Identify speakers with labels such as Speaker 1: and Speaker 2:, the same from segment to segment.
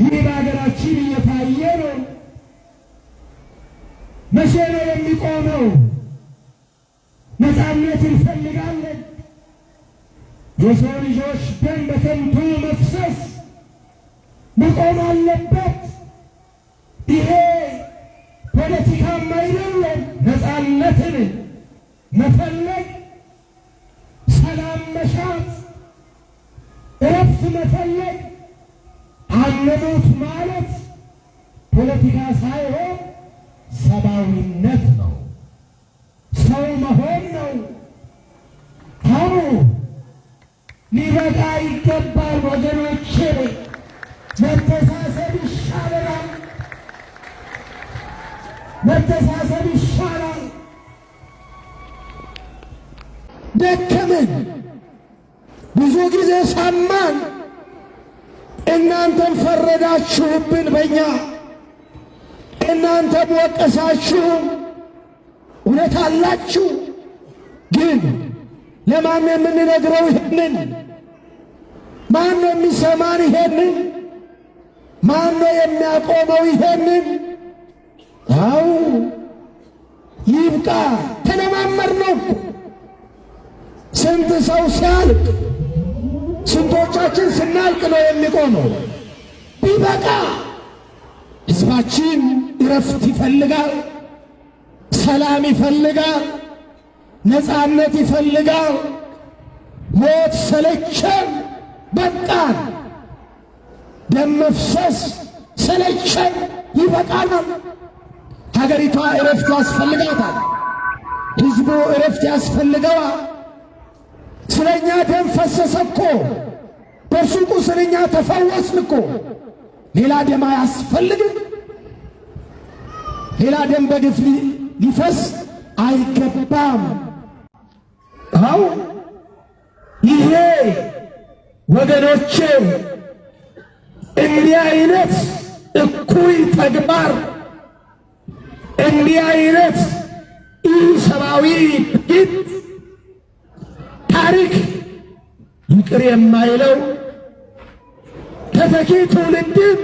Speaker 1: ይህ በሀገራችን እየታየ ነው። መቼ ነው የሚቆመው? ነፃነት እንፈልጋለን። የሰው ልጆች ደም በከንቱ መፍሰስ መቆም አለበት። ይሄ ፖለቲካም አይደለም፣ ነፃነትን መፈለ ፖለቲካ ሳይሆን ሰብአዊነት ነው፣ ሰው መሆን ነው። አሁኑ ሊበቃ ይገባል ወገኖቼ፣ መተሳሰብ ይሻለናል፣ መተሳሰብ ይሻላል። ደከምን ብዙ ጊዜ ሰማን፣ እናንተም ፈረዳችሁብን በእኛ እናንተ ወቀሳችሁ፣ እውነት አላችሁ። ግን ለማን ነው የምንነግረው? ይሄንን ማን ነው የሚሰማን? ይሄንን ማን ነው የሚያቆመው? ይሄንን አው ይብቃ። ተለማመር ነው ስንት ሰው ሲያልቅ ስንቶቻችን ስናልቅ ነው የሚቆመው? ቢበቃ ህዝባችን እረፍት ይፈልጋል፣ ሰላም ይፈልጋል፣ ነፃነት ይፈልጋል። ሞት ሰለቸን፣ በቃን። ደም መፍሰስ ሰለቸን፣ ይበቃናል። ሀገሪቷ እረፍት ያስፈልጋታል። ሕዝቡ እረፍት ያስፈልገዋል። ስለኛ ደም ፈሰሰ እኮ በእርሱ ቁስል እኛ ተፈወስን እኮ ሌላ ደም አያስፈልግም። ሌላ ደም በግፍ ሊፈስ አይገባም። አው ይሄ ወገኖቼ እንዲህ አይነት እኩይ ተግባር እንዲህ አይነት ኢሰብአዊ ድርጊት ታሪክ ይቅር የማይለው ተተኪ ትውልድን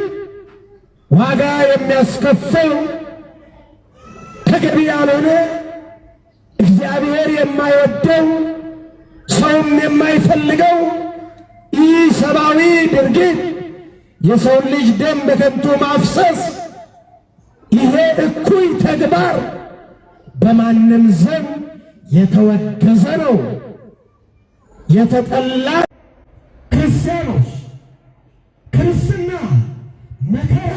Speaker 1: ዋጋ የሚያስከፍል ተገቢ ያልሆነ እግዚአብሔር የማይወደው ሰውም የማይፈልገው ይህ ሰብአዊ ድርጊት የሰው ልጅ ደም በከንቱ ማፍሰስ ይሄ እኩይ ተግባር በማንም ዘንድ የተወገዘ ነው፣ የተጠላ ክርስቲያኖች ክርስትና መከራ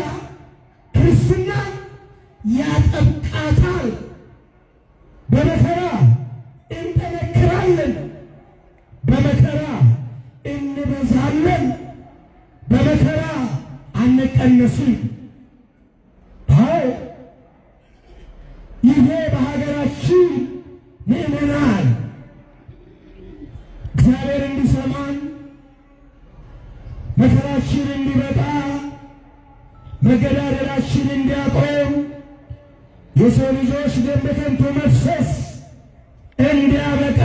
Speaker 1: አይነሱም። አዎ ይሄ በሀገራችን ምዕመናን እግዚአብሔር እንዲሰማን መከራችን እንዲበጣ መገዳደላችን እንዲያቆም የሰው ልጆች ደም በከንቱ መፍሰስ እንዲያበቃ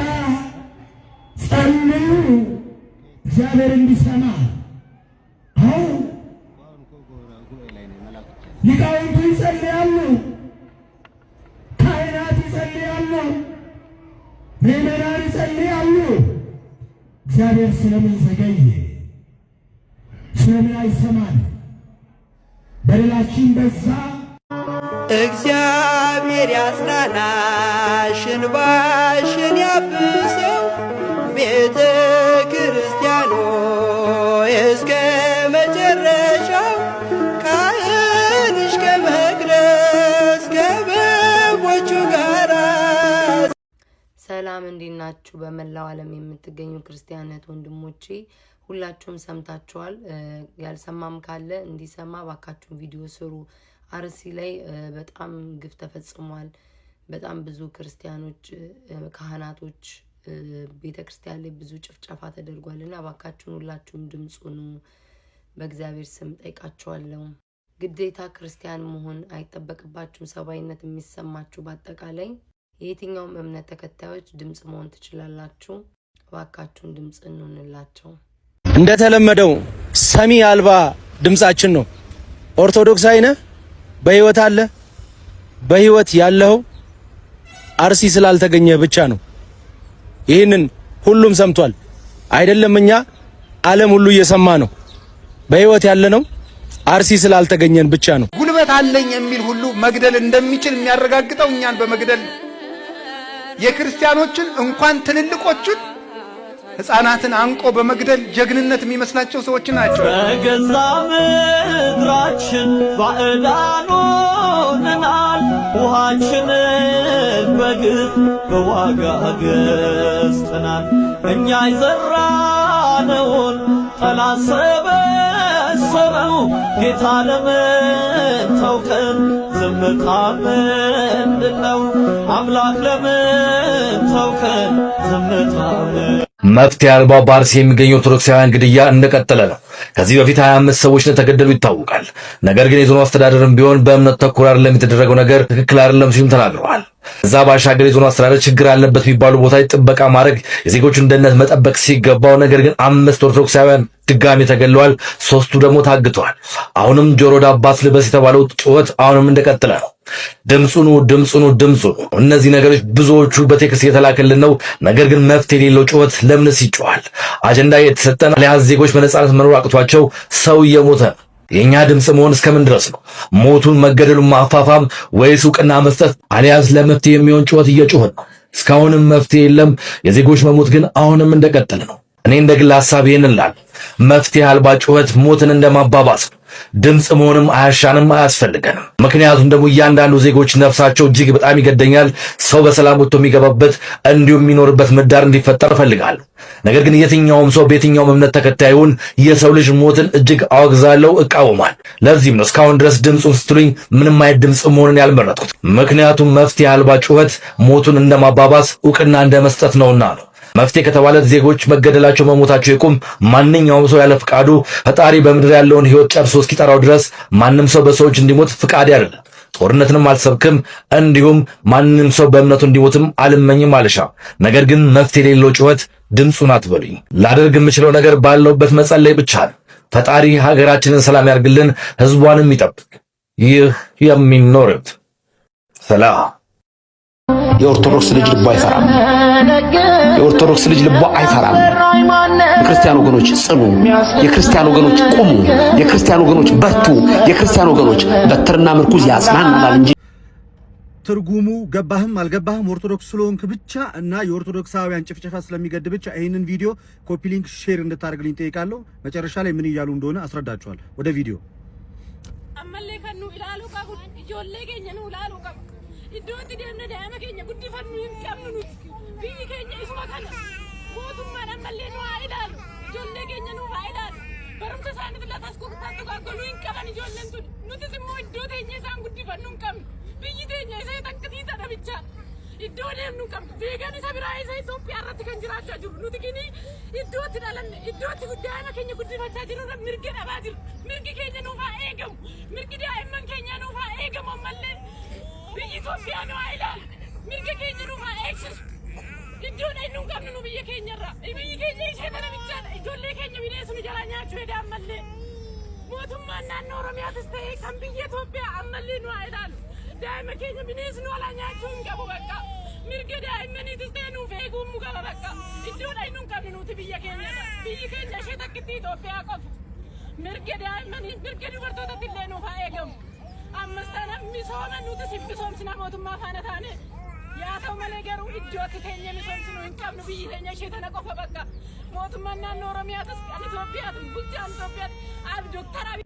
Speaker 1: ጸልዩ፣ እግዚአብሔር እንዲሰማን ሰሚያ ይሰማል። በሌላችን በዛ
Speaker 2: እግዚአብሔር ያጽናናሽ እንባሽን ያብሰው ቤተ ክርስቲያኖ እስከ መጨረሻው ካህንሽ ከመቅደስ ከበጎቹ ጋራ።
Speaker 3: ሰላም እንዲናችሁ በመላው ዓለም የምትገኙ ክርስቲያነት ወንድሞቼ ሁላችሁም ሰምታችኋል። ያልሰማም ካለ እንዲሰማ ባካችሁን ቪዲዮ ስሩ። አርሲ ላይ በጣም ግፍ ተፈጽሟል። በጣም ብዙ ክርስቲያኖች፣ ካህናቶች ቤተ ክርስቲያን ላይ ብዙ ጭፍጨፋ ተደርጓል እና ባካችሁን ሁላችሁም ድምፁኑ በእግዚአብሔር ስም ጠይቃችኋለሁ። ግዴታ ክርስቲያን መሆን አይጠበቅባችሁም። ሰብአዊነት የሚሰማችሁ በአጠቃላይ የየትኛውም እምነት ተከታዮች ድምፅ መሆን ትችላላችሁ። ባካችሁን ድምፅ እንሆንላቸው።
Speaker 4: እንደተለመደው ሰሚ አልባ ድምጻችን ነው። ኦርቶዶክስ አይነ በህይወት አለ በህይወት ያለው አርሲ ስላልተገኘ ብቻ ነው። ይህንን ሁሉም ሰምቷል አይደለም? እኛ ዓለም ሁሉ እየሰማ ነው። በህይወት ያለ ነው አርሲ ስላልተገኘን ብቻ ነው።
Speaker 5: ጉልበት አለኝ የሚል ሁሉ መግደል እንደሚችል የሚያረጋግጠው እኛን በመግደል የክርስቲያኖችን እንኳን ትልልቆችን ሕፃናትን አንቆ በመግደል ጀግንነት የሚመስላቸው ሰዎች ናቸው።
Speaker 6: በገዛ ምድራችን ባዕዳን ሆነናል። ውሃችንን በግፍ በዋጋ ገዝተናል። እኛ የዘራነውን ጠላት ሰበሰበው። ጌታ ለምን ተውከን? ዝምታ አምላክ ለምን ተውከን? ዝምታ
Speaker 7: መፍትሄ አልባ በአርሲ የሚገኘው ኦርቶዶክሳውያን ግድያ እንደቀጠለ ነው። ከዚህ በፊት 25 ሰዎች እንደተገደሉ ይታወቃል። ነገር ግን የዞኑ አስተዳደርም ቢሆን በእምነት ተኮር አይደለም የተደረገው ነገር ትክክል አይደለም ሲሉም ተናግረዋል። እዛ ባሻገር የዞኑ አስተዳደር ችግር አለበት የሚባሉ ቦታ ጥበቃ ማድረግ፣ የዜጎቹን ደህንነት መጠበቅ ሲገባው ነገር ግን አምስት ኦርቶዶክሳውያን ድጋሚ ተገለዋል። ሶስቱ ደግሞ ታግተዋል። አሁንም ጆሮ ዳባ ልበስ የተባለው ጩኸት አሁንም እንደቀጠለ ነው። ድምፁ ድምፁኑ ድምፁ እነዚህ ነገሮች ብዙዎቹ በቴክስት የተላከልን ነው። ነገር ግን መፍትሄ የሌለው ጩኸት ለምንስ ይጮሃል? አጀንዳ የተሰጠን አልያዝ ዜጎች በነጻነት መኖር አቅቷቸው ሰው እየሞተ ነው። የእኛ ድምፅ መሆን እስከምን ድረስ ነው? ሞቱን መገደሉን ማፋፋም ወይስ እውቅና መስጠት? አልያዝ ለመፍትሄ የሚሆን ጩኸት እየጮህን ነው። እስካሁንም መፍትሄ የለም። የዜጎች መሞት ግን አሁንም እንደቀጠለ ነው። እኔ እንደ ግል ሀሳብ ይህን እላለሁ። መፍትሄ አልባ ጩኸት ሞትን እንደማባባስ ነው። ድምፅ መሆንም አያሻንም አያስፈልገንም። ምክንያቱም ደግሞ እያንዳንዱ ዜጎች ነፍሳቸው እጅግ በጣም ይገደኛል። ሰው በሰላም ወጥቶ የሚገባበት እንዲሁም የሚኖርበት ምህዳር እንዲፈጠር እፈልጋለሁ። ነገር ግን የትኛውም ሰው በየትኛውም እምነት ተከታዩን የሰው ልጅ ሞትን እጅግ አወግዛለሁ፣ እቃወማል። ለዚህም ነው እስካሁን ድረስ ድምፁን ስትሉኝ ምንም አይነት ድምፅ መሆንን ያልመረጥኩት። ምክንያቱም መፍትሄ አልባ ጩኸት ሞቱን እንደማባባስ እውቅና እንደመስጠት ነውና ነው። መፍትሄ ከተባለት ዜጎች መገደላቸው መሞታቸው ይቁም። ማንኛውም ሰው ያለ ፍቃዱ ፈጣሪ በምድር ያለውን ህይወት ጨርሶ እስኪጠራው ድረስ ማንም ሰው በሰዎች እንዲሞት ፍቃድ አይደለም። ጦርነትንም አልሰብክም፣ እንዲሁም ማንም ሰው በእምነቱ እንዲሞትም አልመኝም አልሻ። ነገር ግን መፍትሄ የሌለው ጩኸት ድምፁን አትበሉኝ። ላደርግ የምችለው ነገር ባለውበት መጸለይ ብቻ ነው። ፈጣሪ ሀገራችንን ሰላም ያርግልን፣ ህዝቧንም ይጠብቅ። ይህ የሚኖርት ሰላም
Speaker 8: የኦርቶዶክስ ልጅ ልቦ አይፈራም። የኦርቶዶክስ ልጅ ልቦ አይፈራም። የክርስቲያን ወገኖች ጽኑ፣ የክርስቲያን ወገኖች ቁሙ፣ የክርስቲያን ወገኖች በርቱ፣ የክርስቲያን ወገኖች በትርና ምርኩዝ ያጽናናል እንጂ
Speaker 9: ትርጉሙ ገባህም አልገባህም ኦርቶዶክስ ስለሆንክ ብቻ እና የኦርቶዶክሳውያን ጭፍጨፋ ስለሚገድ ብቻ ይህንን ቪዲዮ ኮፒ ሊንክ፣ ሼር እንድታደርግልኝ ጠይቃለሁ። መጨረሻ ላይ ምን እያሉ እንደሆነ አስረዳችኋል። ወደ ቪዲዮ
Speaker 10: iddootti deemnee daa'ima keenya guddifannu hin qabnu nuti biyyi keenya isuma kana mootummaadhaan mallee nu haa ilaalu ijoollee keenya nuuf haa ilaalu barumsa isaaniif latas gurgurtaas dhugaagoluu hin qaban ijoolleen tun nutis immoo iddoo teenya isaan guddifannu hin qabnu biyyi teenya isa takka tiisa dhabichaa iddoo deemnu hin qabnu fiigan isa biraa isa Itoophiyaa irratti kan jiraachaa jiru nuti kini iddootti dhalanne iddootti daa'ima keenya guddifachaa jirurra mirgi dhabaa jiru mirgi keenya nuuf haa eegamu mirgi daa'imman keenya nuuf haa eegamu ammallee biyyaanoo aylaa mirga keenya nurraa eegsisu iddoon eenyuun qabnu nu biyya keenyarra biyyi keenya ishee kana bichaadha ijoollee keenya bineensuma jalaa nyaachuu hedaa ammallee mootummaan naannoo oromiyaatis ta'ee kan biyya Itoophiyaa ammallee nu haa ilaalu daa'ima keenya bineensuma walaa nyaachuu hin qabu bakka mirga daa'immaniitis ta'ee nuuf eeguu nu qaba bakka iddoon eenyuun qabnu nuti biyya keenyarra biyyi keenya ishee takkitti Itoophiyaa qofu mirga daa'immanii mirga dubartootaatti illee nuuf haa eegamu. አምስተነ ሚሶመ ኑትስ ሚሶም ስና ያተው መለገሩ በቃ ኦሮሚያ አብ ዶክተር አብ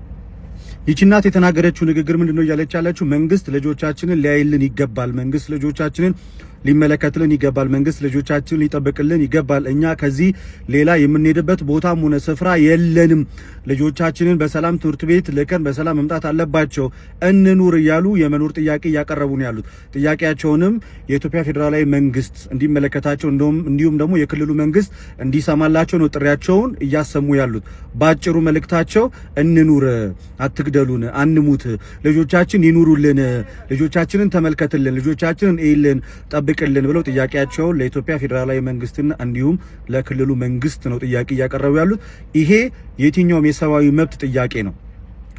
Speaker 11: ይቺ እናት የተናገረችው ንግግር ምንድነው እያለች ያለችው? መንግስት ልጆቻችንን ሊያይልን ይገባል። መንግስት ልጆቻችንን ሊመለከትልን ይገባል። መንግስት ልጆቻችን ሊጠብቅልን ይገባል። እኛ ከዚህ ሌላ የምንሄድበት ቦታም ሆነ ስፍራ የለንም። ልጆቻችንን በሰላም ትምህርት ቤት ልከን በሰላም መምጣት አለባቸው። እንኑር እያሉ የመኖር ጥያቄ እያቀረቡ ነው ያሉት። ጥያቄያቸውንም የኢትዮጵያ ፌዴራላዊ መንግስት እንዲመለከታቸው እንዲሁም ደግሞ የክልሉ መንግስት እንዲሰማላቸው ነው ጥሪያቸውን እያሰሙ ያሉት። በአጭሩ መልእክታቸው እንኑር፣ አትግደሉን፣ አንሙት፣ ልጆቻችን ይኑሩልን፣ ልጆቻችንን ተመልከትልን፣ ልጆቻችንን ይልን ይጠብቅልን ብለው ጥያቄያቸውን ለኢትዮጵያ ፌዴራላዊ መንግስትና እንዲሁም ለክልሉ መንግስት ነው ጥያቄ እያቀረቡ ያሉት። ይሄ የትኛውም የሰብአዊ መብት ጥያቄ ነው።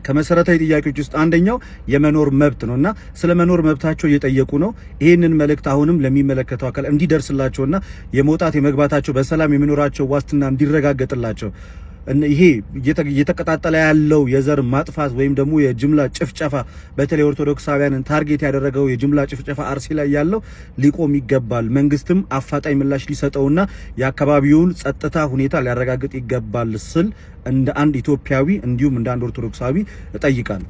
Speaker 11: ከመሰረታዊ ጥያቄዎች ውስጥ አንደኛው የመኖር መብት ነው እና ስለ መኖር መብታቸው እየጠየቁ ነው። ይህንን መልእክት አሁንም ለሚመለከተው አካል እንዲደርስላቸውና የመውጣት የመግባታቸው በሰላም የመኖራቸው ዋስትና እንዲረጋገጥላቸው ይሄ እየተቀጣጠለ ያለው የዘር ማጥፋት ወይም ደግሞ የጅምላ ጭፍጨፋ በተለይ ኦርቶዶክሳውያንን ታርጌት ያደረገው የጅምላ ጭፍጨፋ አርሲ ላይ ያለው ሊቆም ይገባል። መንግስትም አፋጣኝ ምላሽ ሊሰጠውና የአካባቢውን ጸጥታ ሁኔታ ሊያረጋግጥ ይገባል ስል እንደ አንድ ኢትዮጵያዊ እንዲሁም እንደ አንድ ኦርቶዶክሳዊ እጠይቃለሁ።